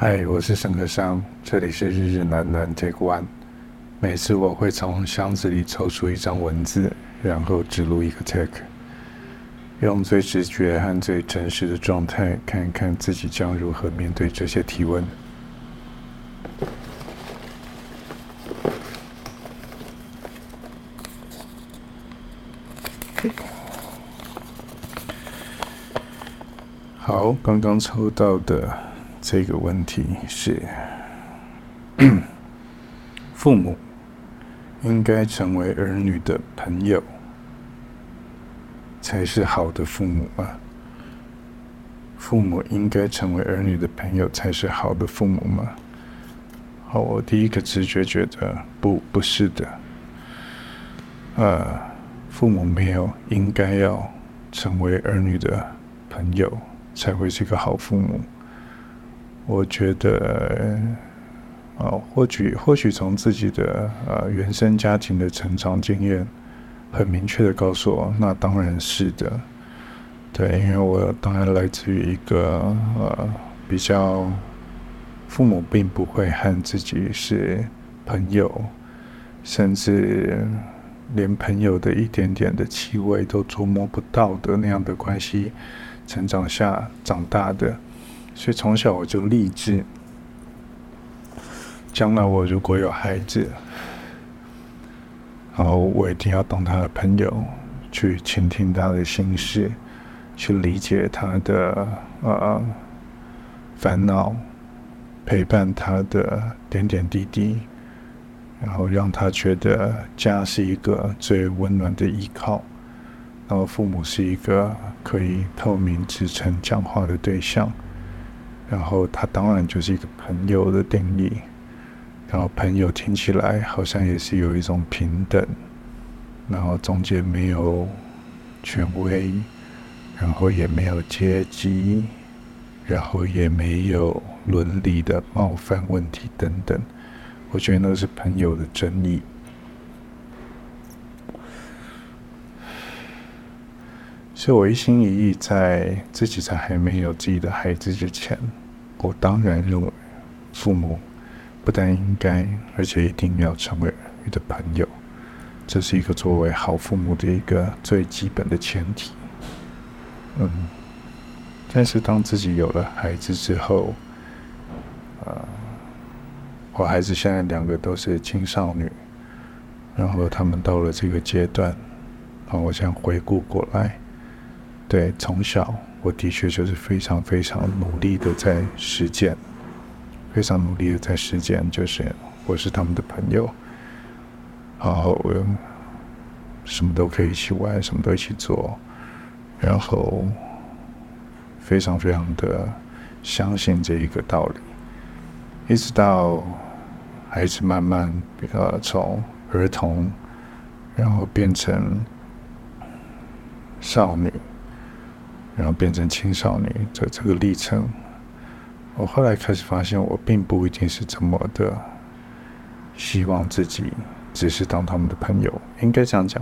嗨，Hi, 我是沈克尚，這裡是日日暖暖 take one，每次我會從箱子裡抽出一張文字，然後只錄一個 take，用最直覺和最真實的狀態，看一看自己將如何面對這些提問。好，剛剛抽到的。這個問題是： 父母應該成為兒女的朋友，才是好的父母嗎？父母應該成為兒女的朋友，才是好的父母嗎？好、哦，我第一個直覺覺得不，不是的。啊，父母沒有應該要成為兒女的朋友，才會是個好父母。我覺得，呃，或許或許從自己的呃原生家庭的成長經驗，很明確的告訴我，那當然是的，對，因為我當然來自於一個呃比較，父母並不會和自己是朋友，甚至連朋友的一點點的氣味都琢磨不到的那樣的關係，成長下長大的。所以從小我就立志，將來我如果有孩子，然後我一定要當他的朋友，去傾聽他的心事，去理解他的呃煩惱，陪伴他的點點滴滴，然後讓他覺得家是一個最溫暖的依靠，然後父母是一個可以透明、真誠講話的對象。然後他當然就是一個朋友的定義，然後朋友聽起來好像也是有一種平等，然後中間沒有權威，然後也沒有階級，然後也沒有倫理的冒犯問題等等，我覺得那是朋友的爭議。所以，我一心一意在自己才還沒有自己的孩子之前，我當然認為父母不但應該，而且一定要成為兒女的朋友，這是一個作為好父母的一個最基本的前提。嗯，但是當自己有了孩子之後，呃，我孩子現在兩個都是青少女，然後他們到了這個階段，啊，我想回顧過來。對，從小我的確就是非常非常努力的在實踐，非常努力的在實踐。就是我是他們的朋友，然後我什麼都可以去玩，什麼都可以一起做，然後非常非常的相信這一個道理，一直到孩子慢慢，呃，從兒童然後變成少女。然後變成青少年，在這個歷程，我後來開始發現，我並不一定是這麼的希望自己，只是當他們的朋友，應該這樣講。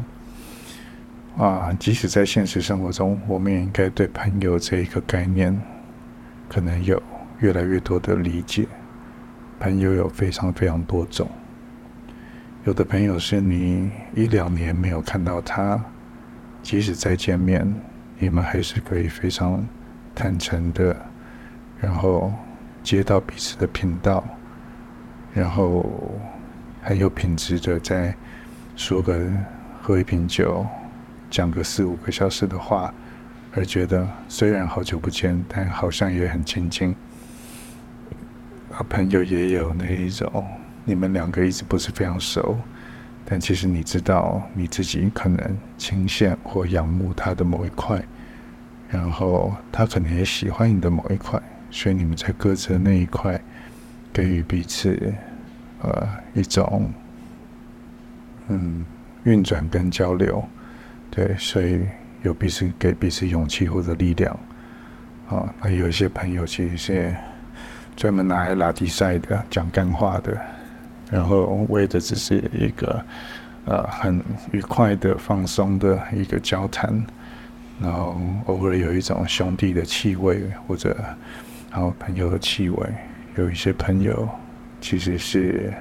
啊，即使在現實生活中，我們也應該對朋友這一個概念，可能有越來越多的理解。朋友有非常非常多種，有的朋友是你一兩年沒有看到他，即使再見面。你們還是可以非常坦誠的，然後接到彼此的頻道，然後很有品質的在說個喝一瓶酒，講個四五個小時的話，而覺得雖然好久不見，但好像也很親近。啊，朋友也有那一種，你們兩個一直不是非常熟，但其實你知道你自己可能欽羨或仰慕他的某一塊。然後他可能也喜歡你的某一塊，所以你們在各自的那一塊給予彼此呃一種嗯運轉跟交流，對，所以有彼此給彼此勇氣或者力量。啊，那有一些朋友其實是些專門拿來拉低賽的、講幹話的，然後為的只是一個呃很愉快的、放鬆的一個交談。然後偶爾有一種兄弟的氣味，或者然後朋友的氣味。有一些朋友其實是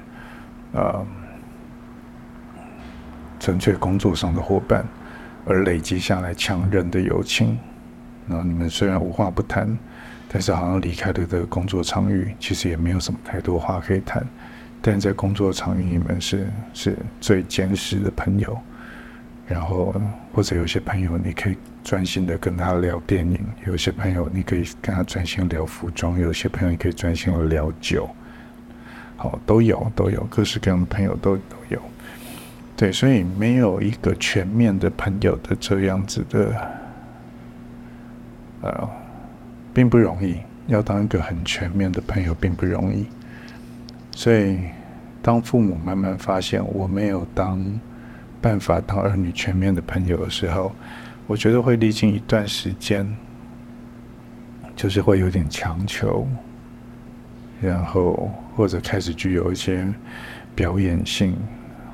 啊，純粹工作上的夥伴，而累積下來強韌的友情。然後你們雖然無話不談，但是好像離開了這個工作場域，其實也沒有什麼太多話可以談。但在工作場域，你們是是最堅實的朋友。然後或者有些朋友，你可以。專心的跟他聊電影，有些朋友你可以跟他專心聊服裝，有些朋友你可以專心的聊酒，好，都有，都有各式各樣的朋友都，都有，對，所以沒有一個全面的朋友的這樣子的，呃，並不容易，要當一個很全面的朋友並不容易，所以當父母慢慢發現我沒有當辦法當兒女全面的朋友的時候。我覺得會歷經一段時間，就是會有點強求，然後或者開始具有一些表演性，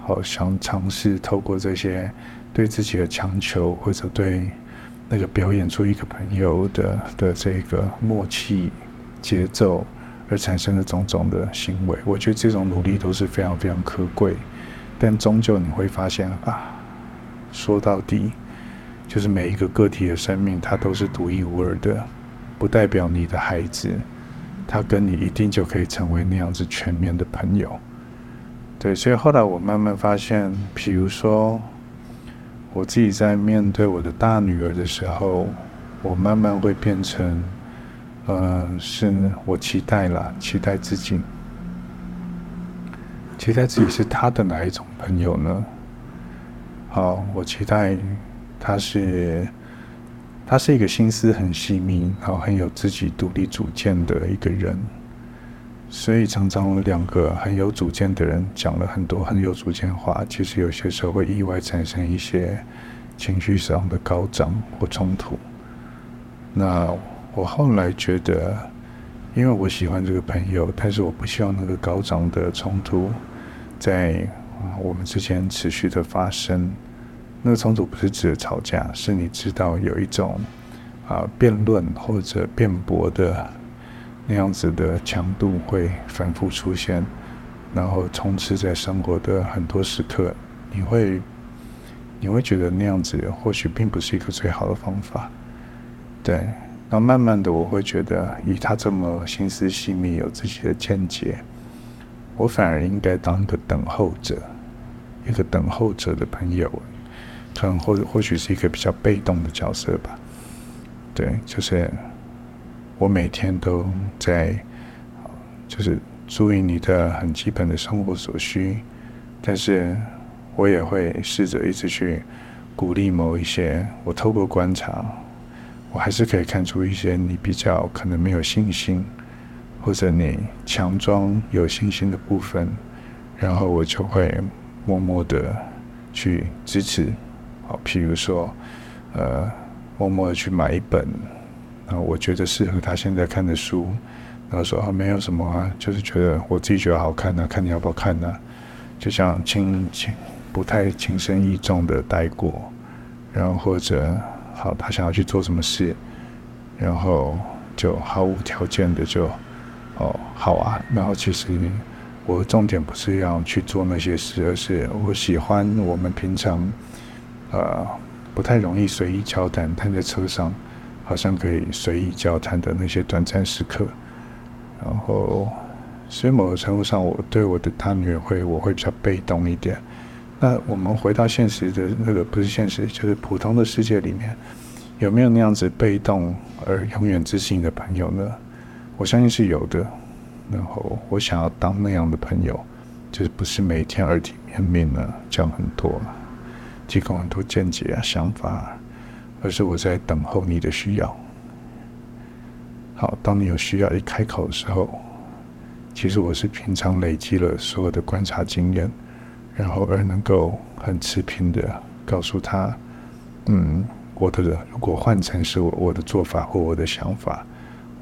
好像嘗試透過這些對自己的強求，或者對那個表演出一個朋友的的這個默契節奏，而產生的種種的行為。我覺得這種努力都是非常非常可貴，但終究你會發現啊，說到底。就是每一個個體的生命，它都是獨一無二的，不代表你的孩子，他跟你一定就可以成為那樣子全面的朋友，對。所以後來我慢慢發現，比如說，我自己在面對我的大女兒的時候，我慢慢會變成，嗯、呃，是我期待了，期待自己，期待自己是她的哪一種朋友呢？好，我期待。他是，他是一個心思很細密，然後很有自己獨立主見的一個人，所以常常兩個很有主見的人講了很多很有主見話，其實有些時候會意外產生一些情緒上的高漲或衝突。那我後來覺得，因為我喜歡這個朋友，但是我不希望那個高漲的衝突在我們之間持續的發生。那個衝突不是指吵架，是你知道有一種啊辯論或者辯駁的那樣子的強度會反復出現，然後充斥在生活的很多時刻，你會你會覺得那樣子或許並不是一個最好的方法。對，那慢慢的我會覺得，以他這麼心思細膩、有自己的見解，我反而應該當一個等候者，一個等候者的朋友。可能或或許是一個比較被動的角色吧，對，就是我每天都在，就是注意你的很基本的生活所需，但是我也會試着一直去鼓勵某一些。我透過觀察，我還是可以看出一些你比較可能沒有信心，或者你強裝有信心的部分，然後我就會默默的去支持。譬如說，呃，默默的去買一本，然後我覺得適合他現在看的書，然後說啊、哦，沒有什麼啊，就是覺得我自己覺得好看的、啊，看你要不要看呢、啊？就像輕輕不太情深意重的帶過，然後或者好、哦，他想要去做什麼事，然後就毫無條件的就，哦，好啊，然後其實我重點不是要去做那些事，而是我喜歡我們平常。呃，不太容易隨意交談，但在車上，好像可以隨意交談的那些短暫時刻，然後，所以某個程度上，我對我的女兒會，我會比較被動一點。那我們回到現實的那個，不是現實，就是普通的世界裡面，有沒有那樣子被動而永遠自信的朋友呢？我相信是有的。然後，我想要當那樣的朋友，就是不是每天耳提面命的講很多。提供很多見解啊、想法、啊，而是我在等候你的需要。好，當你有需要一開口的時候，其實我是平常累積了所有的觀察經驗，然後而能夠很持平的告訴他：“嗯，我的，如果換成是我，我的做法或我的想法，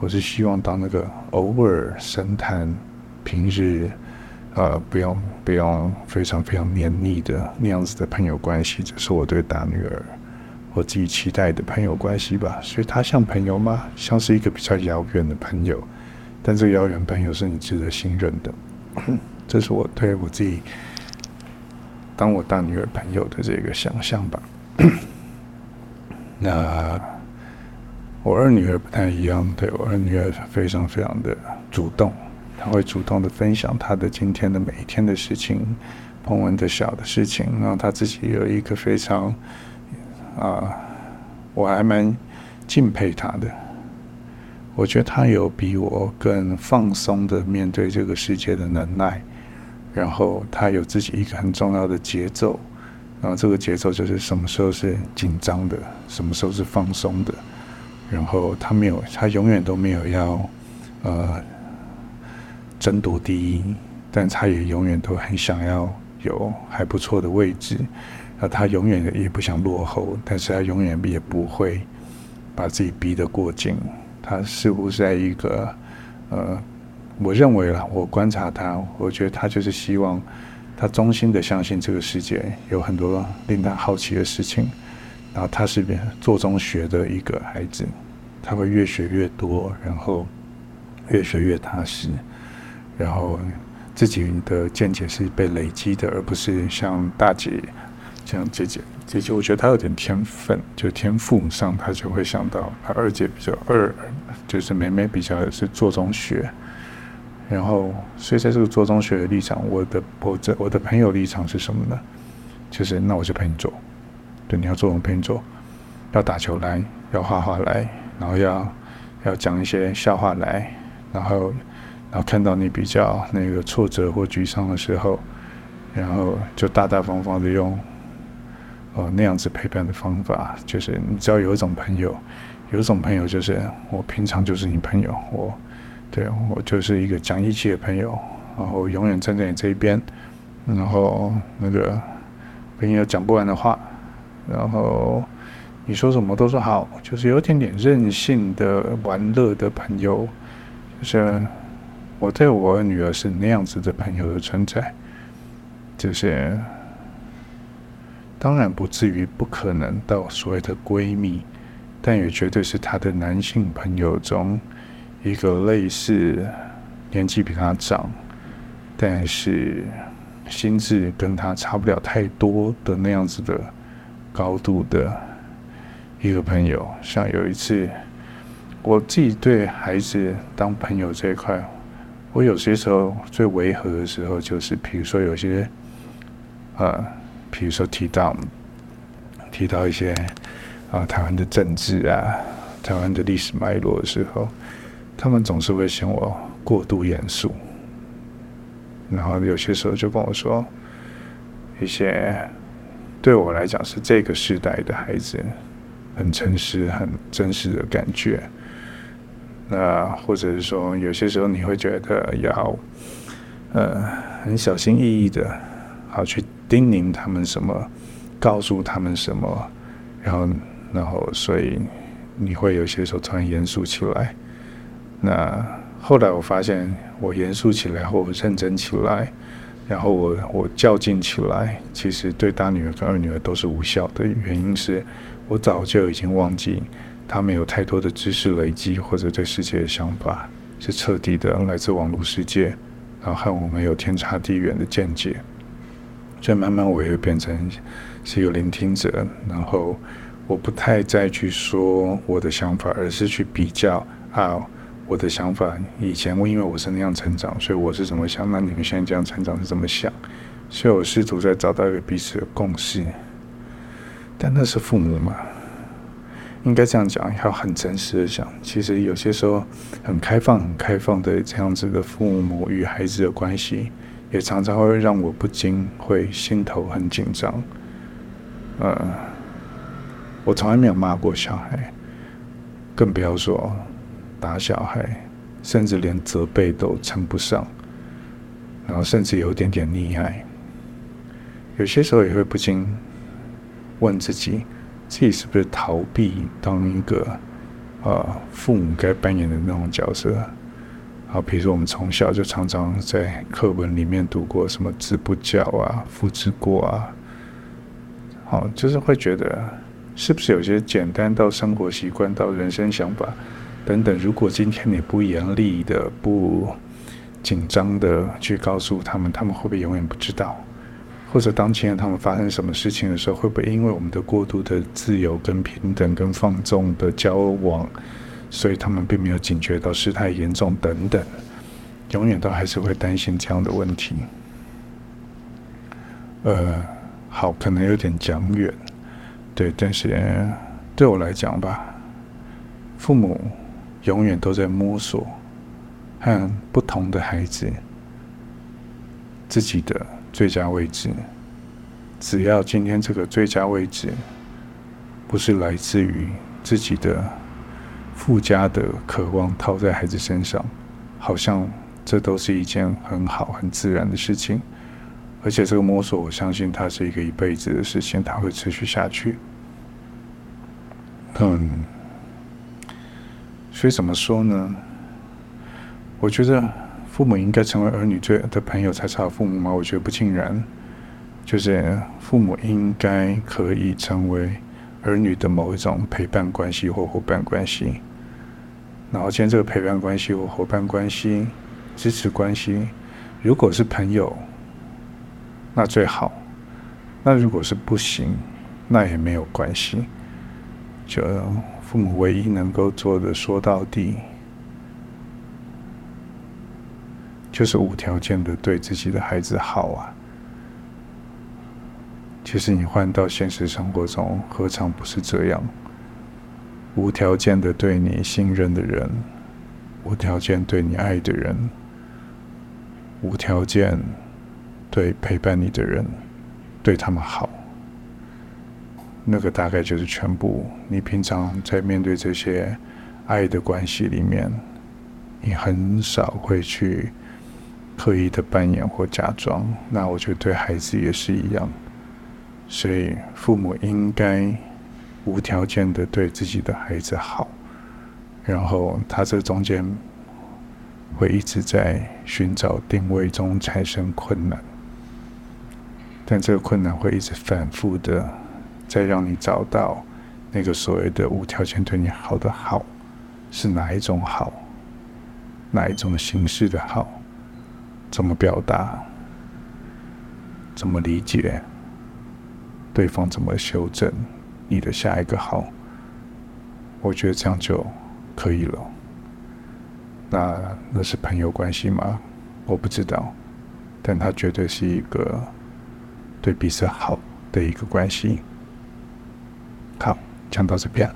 我是希望當那個偶爾神探平日。”呃，不要不要非常非常黏膩的那樣子的朋友關係，這是我對大女兒我自己期待的朋友關係吧。所以她像朋友嗎？像是一個比較遙遠的朋友，但這個遙遠朋友是你值得信任的。 這是我對我自己當我大女兒朋友的這個想象吧。 那我二女兒不太一樣，對我二女兒非常非常的主動。他會主動的分享他的今天的每一天的事情，彭文的小的事情，然後他自己有一個非常啊、呃，我還蠻敬佩他的。我覺得他有比我更放鬆的面對這個世界的能耐，然後他有自己一個很重要的節奏，然後這個節奏就是什麼時候是緊張的，什麼時候是放鬆的，然後他沒有，他永遠都沒有要呃。爭奪第一，但他也永遠都很想要有還不錯的位置。那他永遠也不想落後，但是他永遠也不會把自己逼得過緊。他似乎在一個呃，我認為啦，我觀察他，我覺得他就是希望，他衷心的相信這個世界有很多令他好奇的事情。然後他是做中學的一個孩子，他會越學越多，然後越學越踏實。然後自己的見解是被累積的，而不是像大姐、像姐姐、姐姐。我覺得她有點天分，就天賦上她就會想到。她二姐比較二，就是妹妹比較是做中學。然後，所以在這個做中學的立場，我的我的我的朋友的立場是什麼呢？就是那我就陪你做，對，你要做我陪你做，要打球來，要畫畫來，然後要要講一些笑話來，然後。然後看到你比較那個挫折或沮喪的時候，然後就大大方方的用，哦、呃，那樣子陪伴的方法，就是你只要有一種朋友，有一種朋友就是我平常就是你朋友，我對我就是一個講義氣的朋友，然後永遠站在你這一邊，然後那個朋友講不完的話，然後你說什麼都說好，就是有點點任性的玩樂的朋友，就是。我對我女兒是那樣子的朋友的存在，就是當然不至於不可能到所謂的閨蜜，但也絕對是她的男性朋友中一個類似年紀比她長，但是心智跟她差不了太多的那樣子的高度的一個朋友。像有一次，我自己對孩子當朋友這一塊。我有些時候最違和的時候，就是比如說有些，啊，比如說提到提到一些啊台灣的政治啊、台灣的歷史脈絡的時候，他們總是會嫌我過度嚴肅，然後有些時候就跟我說，一些對我來講是這個時代的孩子，很誠實、很真實的感覺。那或者是說，有些時候你會覺得要，呃，很小心翼翼的，好去叮嚀他們什麼，告訴他們什麼，然後，然後，所以你會有些時候突然嚴肅起來。那後來我發現，我嚴肅起來，或認真起來，然後我我較勁起來，其實對大女兒跟二女兒都是無效的。原因是我早就已經忘記。他們有太多的知識累積，或者對世界的想法是徹底的來自網絡世界，然後和我們有天差地遠的見解。所以慢慢我也會變成是一個聆聽者，然後我不太再去說我的想法，而是去比較啊我的想法。以前我因為我是那樣成長，所以我是怎麼想，那你們現在這樣成長是怎麼想？所以我試圖在找到一個彼此的共識。但那是父母嘛？應該這樣講，要很誠實的想。其實有些時候，很開放、很開放的這樣子的父母與孩子的關係，也常常會讓我不禁會心頭很緊張。呃，我從來沒有罵過小孩，更不要說打小孩，甚至連責備都稱不上。然後甚至有點點溺愛，有些時候也會不禁問自己。自己是不是逃避當一個啊、呃、父母該扮演的那種角色？好，比如說我們從小就常常在課文裡面讀過什麼“子不教啊，父之過啊”，好，就是會覺得是不是有些簡單到生活習慣到人生想法等等，如果今天你不嚴厲的、不緊張的去告訴他們，他們會不會永遠不知道？或者當前他們發生什麼事情的時候，會不會因為我們的過度的自由、跟平等、跟放縱的交往，所以他們並沒有警覺到事態嚴重等等，永遠都還是會擔心這樣的問題。呃，好，可能有點講遠，對，但是對我來講吧，父母永遠都在摸索和不同的孩子自己的。最佳位置，只要今天這個最佳位置，不是來自於自己的附加的渴望，套在孩子身上，好像這都是一件很好、很自然的事情。而且這個摸索，我相信它是一個一輩子的事情，它會持續下去。嗯，所以怎麼說呢？我覺得。父母應該成為兒女最好的朋友才是好父母嗎？我覺得不盡然，就是父母應該可以成為兒女的某一種陪伴關係或夥伴關係。然後，現在這個陪伴關係或夥伴關係、支持關係，如果是朋友，那最好；那如果是不行，那也沒有關係。就父母唯一能夠做的，說到底。就是無條件的對自己的孩子好啊。其實你換到現實生活中，何嘗不是這樣？無條件的對你信任的人，無條件對你愛的人，無條件對陪伴你的人，對他們好。那個大概就是全部。你平常在面對這些愛的關係裡面，你很少會去。刻意的扮演或假裝，那我就對孩子也是一樣。所以父母應該無條件的對自己的孩子好，然後他這中間會一直在尋找定位中產生困難，但這個困難會一直反覆的在讓你找到那個所謂的無條件對你好的好是哪一種好，哪一種形式的好。怎麼表達？怎麼理解？對方怎麼修正？你的下一個好？我覺得這樣就可以了。那那是朋友關係嗎？我不知道，但他絕對是一個對彼此好的一個關係。好，講到這邊。